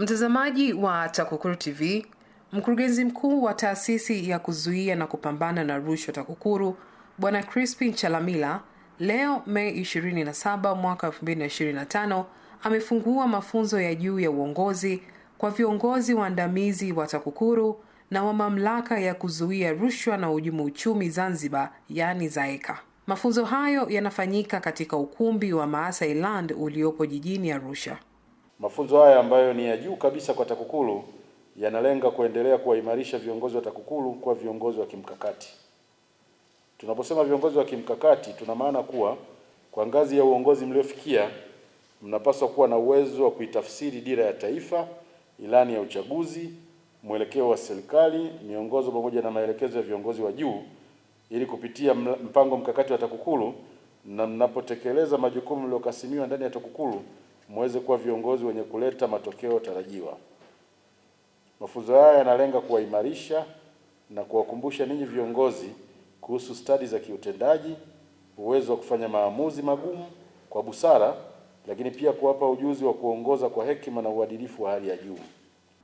Mtazamaji wa TAKUKURU TV, mkurugenzi mkuu wa taasisi ya kuzuia na kupambana na rushwa TAKUKURU Bwana Crispin Chalamila leo Mei 27 mwaka 2025 amefungua mafunzo ya juu ya uongozi kwa viongozi waandamizi wa TAKUKURU na wa mamlaka ya kuzuia rushwa na uhujumu uchumi Zanzibar, yaani ZAEKA. Mafunzo hayo yanafanyika katika ukumbi wa Maasailand uliopo jijini Arusha. Mafunzo haya ambayo ni ya juu kabisa kwa TAKUKURU yanalenga kuendelea kuwaimarisha viongozi wa TAKUKURU kuwa viongozi wa kimkakati. Tunaposema viongozi wa kimkakati, tuna maana kuwa kwa ngazi ya uongozi mliofikia, mnapaswa kuwa na uwezo wa kuitafsiri dira ya taifa, ilani ya uchaguzi, mwelekeo wa serikali, miongozo pamoja na maelekezo ya viongozi wa juu ili kupitia mpango mkakati wa TAKUKURU na mnapotekeleza majukumu mliokasimiwa ndani ya TAKUKURU muweze kuwa viongozi wenye kuleta matokeo tarajiwa. Mafunzo haya yanalenga kuwaimarisha na kuwakumbusha ninyi viongozi kuhusu stadi za kiutendaji, uwezo wa kufanya maamuzi magumu kwa busara, lakini pia kuwapa ujuzi wa kuongoza kwa hekima na uadilifu wa hali ya juu.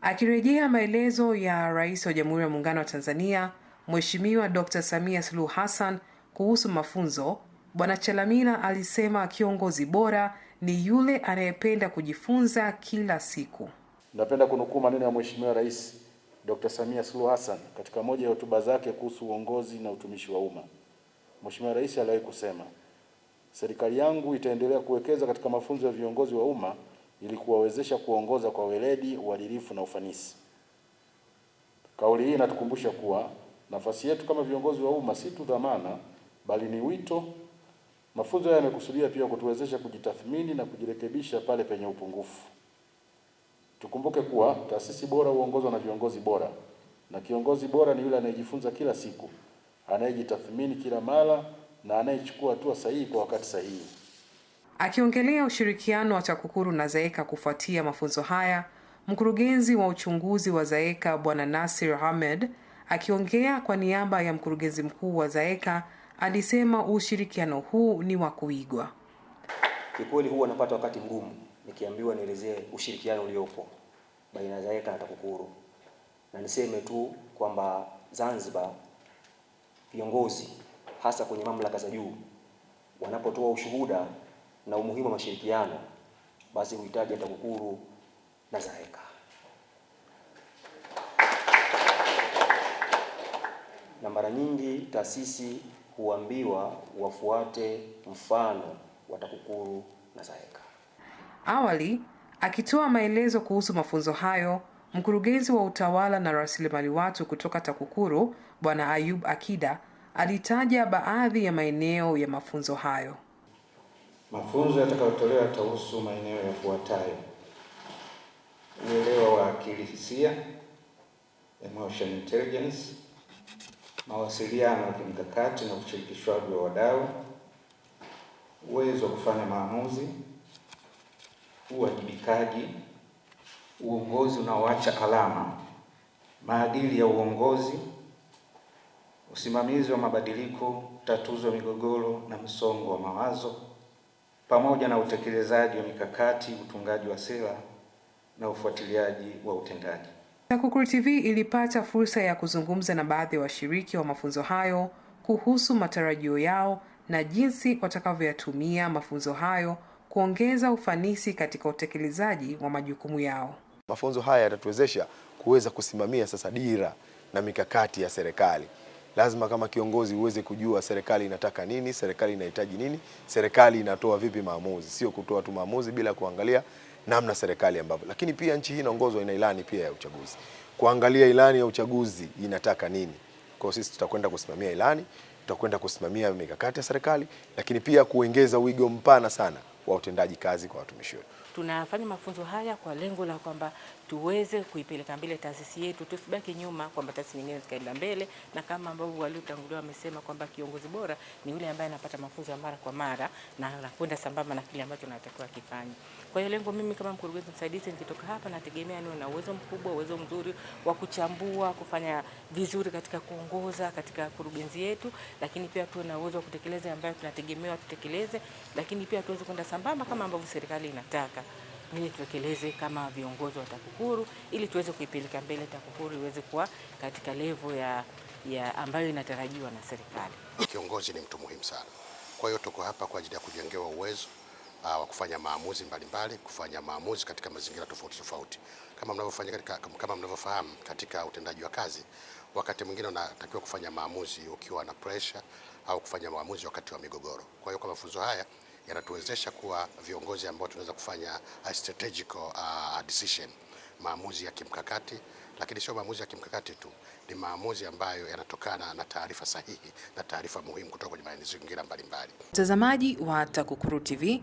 Akirejea maelezo ya Rais wa Jamhuri ya Muungano wa Tanzania Mheshimiwa Dr. Samia Suluhu Hassan kuhusu mafunzo Bwana Chalamila alisema kiongozi bora ni yule anayependa kujifunza kila siku. Napenda kunukuu maneno ya Mheshimiwa Rais Dr. Samia Suluhu Hassan katika moja ya hotuba zake kuhusu uongozi na utumishi wa umma. Mheshimiwa Rais aliwahi kusema, serikali yangu itaendelea kuwekeza katika mafunzo ya viongozi wa umma ili kuwawezesha kuongoza kwa weledi, uadilifu na ufanisi. Kauli hii inatukumbusha kuwa nafasi yetu kama viongozi wa umma si tu dhamana, bali ni wito Mafunzo haya yamekusudia pia kutuwezesha kujitathmini na kujirekebisha pale penye upungufu. Tukumbuke kuwa taasisi bora huongozwa na viongozi bora, na kiongozi bora ni yule anayejifunza kila siku, anayejitathmini kila mara na anayechukua hatua sahihi kwa wakati sahihi. Akiongelea ushirikiano wa TAKUKURU na zaeka kufuatia mafunzo haya, mkurugenzi wa uchunguzi wa zaeka Bwana Nasir Ahmed akiongea kwa niaba ya mkurugenzi mkuu wa zaeka alisema ushirikiano huu ni wa kuigwa. Kikweli huwa napata wakati mgumu nikiambiwa nielezee ushirikiano uliopo baina ya ZAECA na TAKUKURU, na niseme tu kwamba Zanzibar viongozi hasa kwenye mamlaka za juu wanapotoa ushuhuda na umuhimu wa mashirikiano, basi huhitaji TAKUKURU na zaeka na mara nyingi taasisi huambiwa wafuate mfano wa TAKUKURU na zaeka Awali akitoa maelezo kuhusu mafunzo hayo, mkurugenzi wa utawala na rasilimali watu kutoka TAKUKURU Bwana Ayub Akida alitaja baadhi ya maeneo ya mafunzo hayo. Mafunzo yatakayotolewa yatahusu maeneo yafuatayo: uelewa wa akili hisia, emotion intelligence mawasiliano ya kimkakati na ushirikishwaji wa wadau, uwezo wa kufanya maamuzi, uwajibikaji, uongozi unaoacha alama, maadili ya uongozi, usimamizi wa mabadiliko, utatuzi wa migogoro na msongo wa mawazo, pamoja na utekelezaji wa mikakati, utungaji wa sera na ufuatiliaji wa utendaji. TAKUKURU TV ilipata fursa ya kuzungumza na baadhi ya wa washiriki wa mafunzo hayo kuhusu matarajio yao na jinsi watakavyoyatumia mafunzo hayo kuongeza ufanisi katika utekelezaji wa majukumu yao. Mafunzo haya yatatuwezesha kuweza kusimamia sasa dira na mikakati ya serikali. Lazima kama kiongozi uweze kujua serikali inataka nini, serikali inahitaji nini, serikali inatoa vipi maamuzi, sio kutoa tu maamuzi bila kuangalia namna serikali ambavyo, lakini pia nchi hii inaongozwa, ina ilani pia ya uchaguzi, kuangalia ilani ya uchaguzi inataka nini. Kwa sisi tutakwenda kusimamia ilani, tutakwenda kusimamia mikakati ya serikali, lakini pia kuongeza wigo mpana sana wa utendaji kazi kwa watumishi wetu. Tunafanya mafunzo haya kwa lengo la kwamba tuweze kuipeleka mbele taasisi yetu, tusibaki nyuma, kwamba taasisi nyingine zikaenda mbele, na kama ambavyo waliotangulia wamesema kwamba kiongozi bora ni yule ambaye anapata mafunzo ya mara kwa mara na anakwenda sambamba na kile ambacho anatakiwa kifanye. Kwa hiyo lengo mimi kama mkurugenzi msaidizi nikitoka hapa, nategemea niwe na uwezo mkubwa, uwezo mzuri wa kuchambua, kufanya vizuri katika kuongoza katika kurugenzi yetu, lakini pia tuwe na uwezo wa kutekeleza ambayo tunategemewa tutekeleze, lakini pia tuweze kwenda sambamba kama ambavyo serikali inataka ili tutekeleze kama viongozi wa TAKUKURU ili tuweze kuipeleka mbele TAKUKURU iweze kuwa katika levo ya, ya ambayo inatarajiwa na serikali. Kiongozi ni mtu muhimu sana, kwa hiyo tuko hapa kwa ajili ya kujengewa uwezo Uh, wa kufanya maamuzi mbalimbali mbali, kufanya maamuzi katika mazingira tofauti tofauti kama mnavyofanya katika, kama mnavyofahamu katika utendaji wa kazi, wakati mwingine unatakiwa kufanya maamuzi ukiwa na pressure au kufanya maamuzi wakati wa migogoro. Kwa hiyo kwa mafunzo haya yanatuwezesha kuwa viongozi ambao tunaweza kufanya a strategic uh, decision, maamuzi ya kimkakati, lakini sio maamuzi ya kimkakati tu, ni maamuzi ambayo yanatokana na taarifa sahihi na taarifa muhimu kutoka kwenye mazingira mbalimbali. Mtazamaji wa TAKUKURU TV